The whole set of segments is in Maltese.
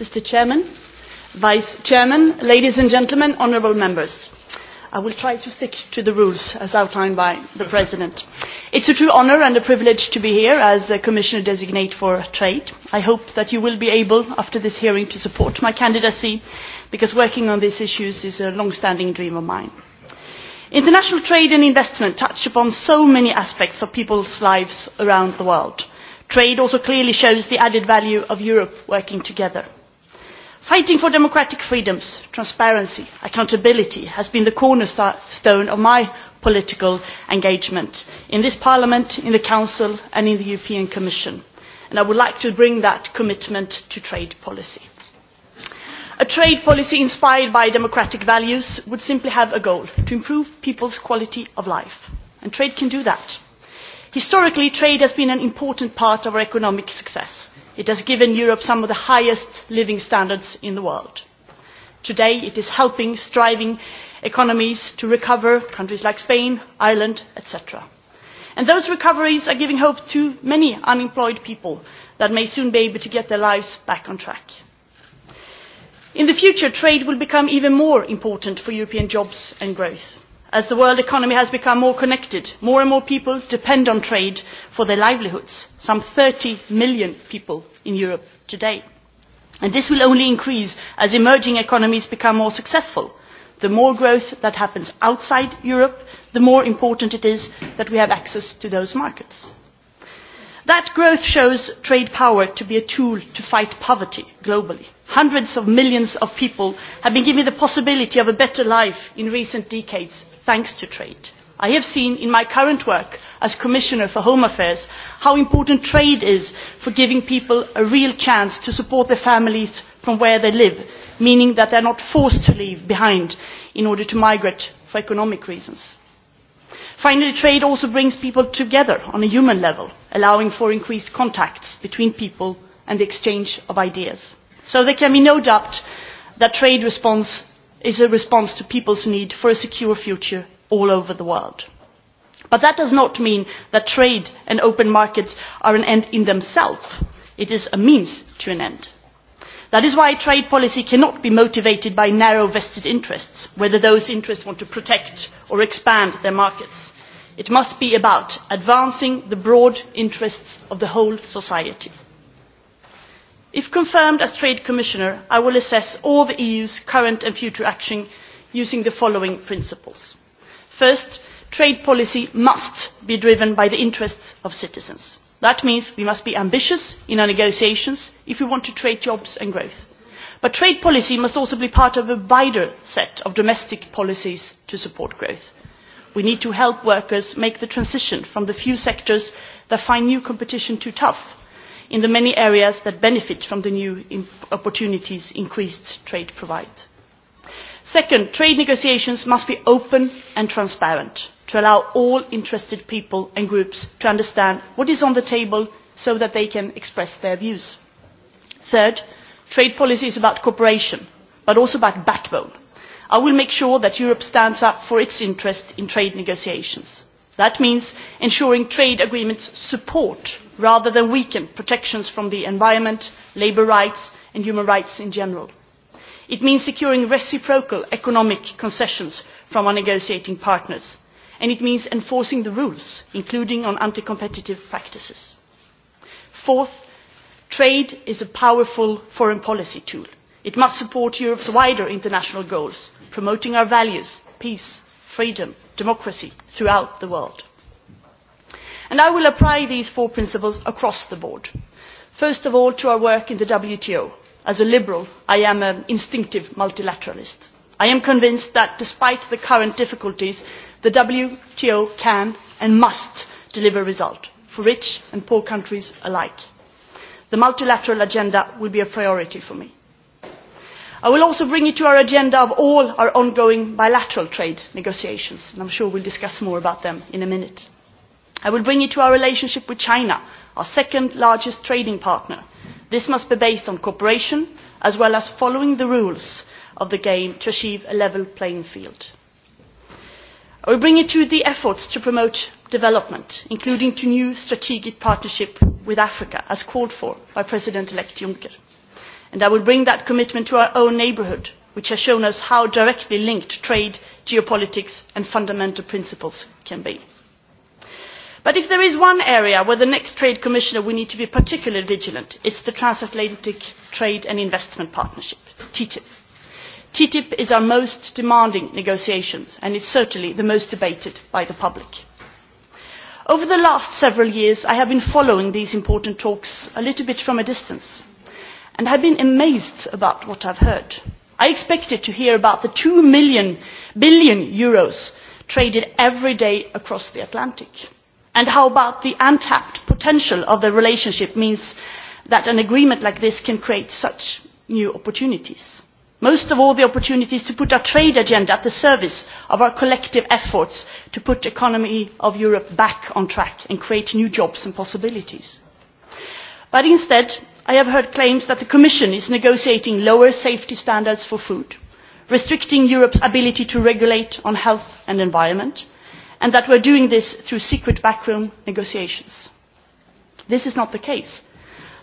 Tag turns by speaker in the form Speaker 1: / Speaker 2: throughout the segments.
Speaker 1: Mr. Chairman, Vice Chairman, ladies and gentlemen, honourable members. I will try to stick to the rules as outlined by the President. It's a true honour and a privilege to be here as a Commissioner Designate for Trade. I hope that you will be able, after this hearing, to support my candidacy because working on these issues is a long-standing dream of mine. International trade and investment touch upon so many aspects of people's lives around the world. Trade also clearly shows the added value of Europe working together. Fighting for democratic freedoms, transparency, and accountability has been the cornerstone of my political engagement in this Parliament, in the Council and in the European Commission. And I would like to bring that commitment to trade policy. A trade policy inspired by democratic values would simply have a goal, to improve people's quality of life. And trade can do that. Historically, trade has been an important part of our economic success It has given Europe some of the highest living standards in the world. Today it is helping striving economies to recover, countries like Spain, Ireland, etc. And those recoveries are giving hope to many unemployed people that may soon be able to get their lives back on track. In the future, trade will become even more important for European jobs and growth As the world economy has become more connected, more and more people depend on trade for their livelihoods, some 30 million people in Europe today. And this will only increase as emerging economies become more successful. The more growth that happens outside Europe, the more important it is that we have access to those markets. That growth shows trade power to be a tool to fight poverty globally. Hundreds of millions of people have been given the possibility of a better life in recent decades thanks to trade. I have seen in my current work as Commissioner for Home Affairs how important trade is for giving people a real chance to support their families from where they live, meaning that they are not forced to leave behind in order to migrate for economic reasons. Finally, trade also brings people together on a human level, allowing for increased contacts between people and the exchange of ideas. So there can be no doubt that trade response is a response to people's need for a secure future all over the world. But that does not mean that trade and open markets are an end in themselves. It is a means to an end. That is why trade policy cannot be motivated by narrow vested interests, whether those interests want to protect or expand their markets. It must be about advancing the broad interests of the whole society. If confirmed as Trade Commissioner, I will assess all the EU's current and future action using the following principles. First, trade policy must be driven by the interests of citizens. That means we must be ambitious in our negotiations if we want to create jobs and growth. But trade policy must also be part of a wider set of domestic policies to support growth. We need to help workers make the transition from the few sectors that find new competition too tough in the many areas that benefit from the new opportunities increased trade provides. Second, trade negotiations must be open and transparent to allow all interested people and groups to understand what is on the table so that they can express their views. Third, trade policy is about cooperation, but also about backbone. I will make sure that Europe stands up for its interests in trade negotiations That means ensuring trade agreements support rather than weaken protections from the environment, labour rights and human rights in general. It means securing reciprocal economic concessions from our negotiating partners. And it means enforcing the rules, including on anti-competitive practices. Fourth, trade is a powerful foreign policy tool. It must support Europe's wider international goals, promoting our values, peace, freedom, democracy throughout the world. And I will apply these four principles across the board. First of all, to our work in the WTO. As a liberal, I am an instinctive multilateralist. I am convinced that despite the current difficulties, the WTO can and must deliver results for rich and poor countries alike. The multilateral agenda will be a priority for me. I will also bring you to our agenda of all our ongoing bilateral trade negotiations, and I'm sure we'll discuss more about them in a minute. I will bring you to our relationship with China, our second largest trading partner. This must be based on cooperation as well as following the rules of the game to achieve a level playing field. I will bring you to the efforts to promote development, including to new strategic partnership with Africa, as called for by President-elect Juncker. And I will bring that commitment to our own neighbourhood, which has shown us how directly linked trade, geopolitics and fundamental principles can be. But if there is one area where the next trade commissioner we need to be particularly vigilant, it is the transatlantic trade and investment partnership, TTIP. TTIP is our most demanding negotiations and is certainly the most debated by the public. Over the last several years, I have been following these important talks a little bit from a distance and have been amazed about what I've heard. I expected to hear about the two million, billion euros traded every day across the Atlantic. And how about the untapped potential of the relationship means that an agreement like this can create such new opportunities. Most of all, the opportunities to put our trade agenda at the service of our collective efforts to put the economy of Europe back on track and create new jobs and possibilities. But instead, I have heard claims that the Commission is negotiating lower safety standards for food, restricting Europe's ability to regulate on health and environment, and that we are doing this through secret backroom negotiations. This is not the case.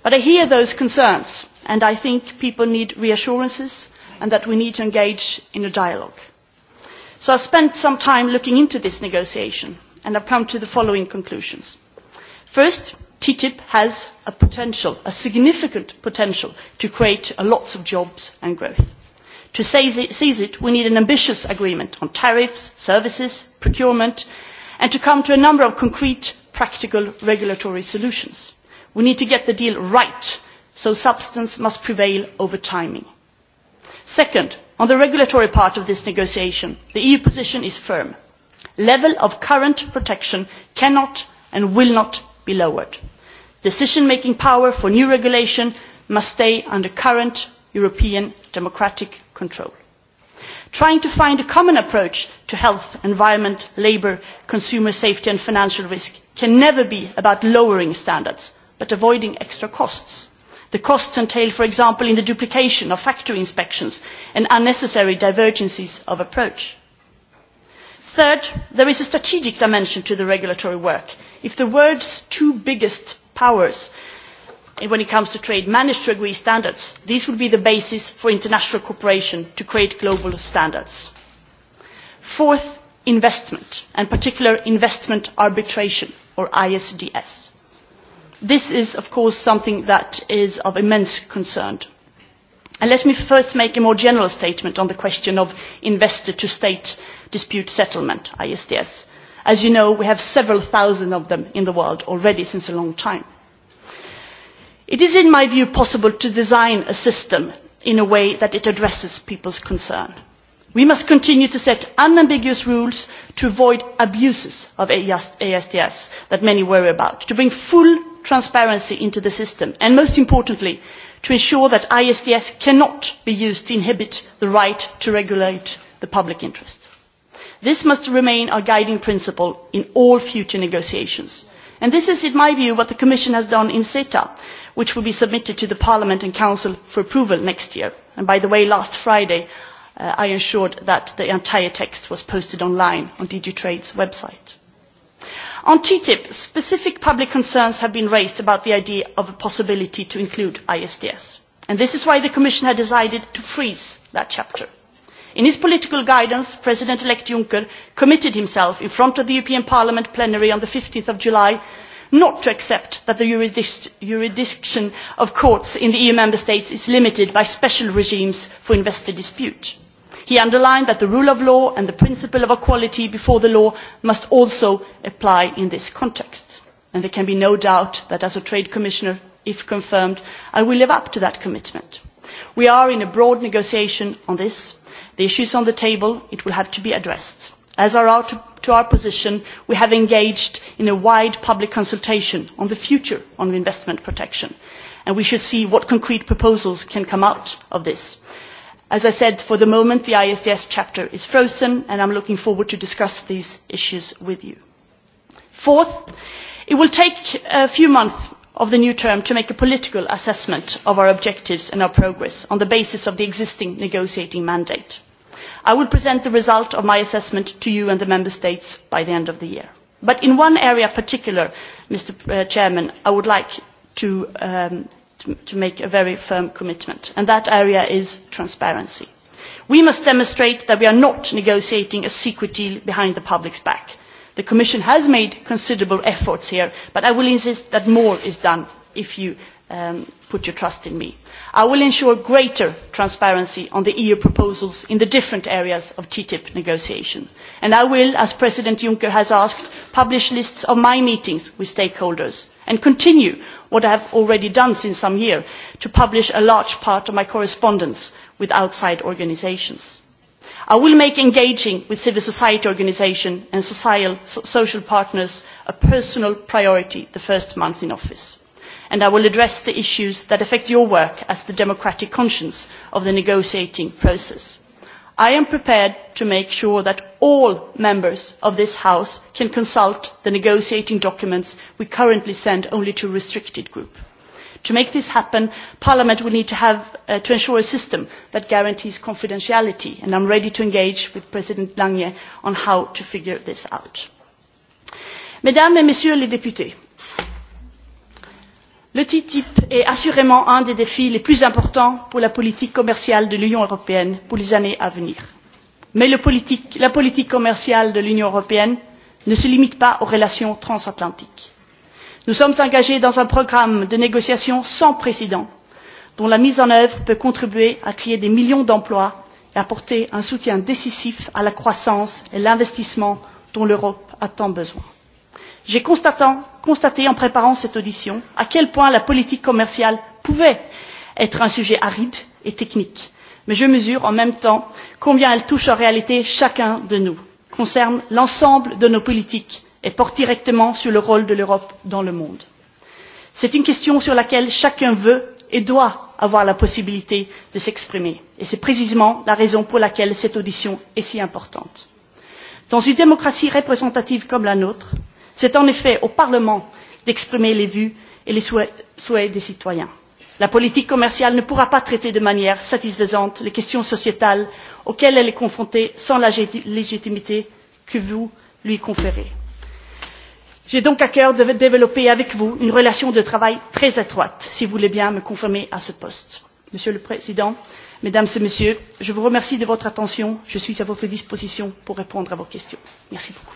Speaker 1: But I hear those concerns, and I think people need reassurances and that we need to engage in a dialogue. So I spent some time looking into this negotiation, and have come to the following conclusions. First, TTIP has a potential, a significant potential to create lots of jobs and growth. To seize it, we need an ambitious agreement on tariffs, services, procurement, and to come to a number of concrete, practical regulatory solutions. We need to get the deal right, so substance must prevail over timing. Second, on the regulatory part of this negotiation, the EU position is firm. Level of current protection cannot and will not be lowered. Decision making power for new regulation must stay under current European democratic control. Trying to find a common approach to health, environment, labour, consumer safety and financial risk can never be about lowering standards, but avoiding extra costs. The costs entail, for example, in the duplication of factory inspections and unnecessary divergences of approach. Third, there is a strategic dimension to the regulatory work if the world's two biggest powers eh, when it comes to trade manage to agree standards this would be the basis for international cooperation to create global standards. fourth investment and particular investment arbitration or isds. this is of course something that is of immense concern. And let me first make a more general statement on the question of investor to state dispute settlement isds As you know, we have several thousand of them in the world already since a long time. It is, in my view, possible to design a system in a way that it addresses people's concerns. We must continue to set unambiguous rules to avoid abuses of ASDS that many worry about, to bring full transparency into the system, and most importantly, to ensure that ISDS cannot be used to inhibit the right to regulate the public interest. This must remain our guiding principle in all future negotiations. And this is, in my view, what the Commission has done in CETA, which will be submitted to the Parliament and Council for approval next year. And by the way, last Friday, uh, I ensured that the entire text was posted online on DG TRADE's website. On TTIP, specific public concerns have been raised about the idea of a possibility to include ISDS. And this is why the Commission had decided to freeze that chapter in his political guidance president elect juncker committed himself in front of the european parliament plenary on fifteen july not to accept that the jurisdiction of courts in the eu member states is limited by special regimes for investor disputes. he underlined that the rule of law and the principle of equality before the law must also apply in this context and there can be no doubt that as a trade commissioner if confirmed i will live up to that commitment. we are in a broad negotiation on this The issues on the table, it will have to be addressed. As are our, to, to our position, we have engaged in a wide public consultation on the future on investment protection, and we should see what concrete proposals can come out of this. As I said, for the moment, the ISDS chapter is frozen, and I'm looking forward to discuss these issues with you. Fourth, it will take a few months of the new term to make a political assessment of our objectives and our progress on the basis of the existing negotiating mandate. I will present the result of my assessment to you and the Member States by the end of the year. But in one area in particular, Mr. Uh, Chairman, I would like to, um, to, to make a very firm commitment, and that area is transparency. We must demonstrate that we are not negotiating a secret deal behind the public's back. The Commission has made considerable efforts here, but I will insist that more is done if you um, put your trust in me. I will ensure greater transparency on the EU proposals in the different areas of TTIP negotiation. And I will, as President Juncker has asked, publish lists of my meetings with stakeholders and continue what I have already done since some year to publish a large part of my correspondence with outside organisations. I will make engaging with civil society organisations and social, social partners a personal priority the first month in office and I will address the issues that affect your work as the democratic conscience of the negotiating process. I am prepared to make sure that all members of this House can consult the negotiating documents we currently send only to a restricted group. To make this happen, Parliament will need to, have, uh, to ensure a system that guarantees confidentiality, and I am ready to engage with President Lange on how to figure this out. Mesdames et Messieurs les députés, Le TTIP est assurément un des défis les plus importants pour la politique commerciale de l'Union européenne pour les années à venir. Mais le politique, la politique commerciale de l'Union européenne ne se limite pas aux relations transatlantiques. Nous sommes engagés dans un programme de négociation sans précédent dont la mise en œuvre peut contribuer à créer des millions d'emplois et apporter un soutien décisif à la croissance et l'investissement dont l'Europe a tant besoin. J'ai constaté en préparant cette audition à quel point la politique commerciale pouvait être un sujet aride et technique, mais je mesure en même temps combien elle touche en réalité chacun de nous, concerne l'ensemble de nos politiques et porte directement sur le rôle de l'Europe dans le monde. C'est une question sur laquelle chacun veut et doit avoir la possibilité de s'exprimer. Et c'est précisément la raison pour laquelle cette audition est si importante. Dans une démocratie représentative comme la nôtre, C'est en effet au Parlement d'exprimer les vues et les souhaits, des citoyens. La politique commerciale ne pourra pas traiter de manière satisfaisante les questions sociétales auxquelles elle est confrontée sans la légitimité que vous lui conférez. J'ai donc à cœur de développer avec vous une relation de travail très étroite, si vous voulez bien me confirmer à ce poste. Monsieur le Président, Mesdames et Messieurs, je vous remercie de votre attention. Je suis à votre disposition pour répondre à vos questions. Merci beaucoup.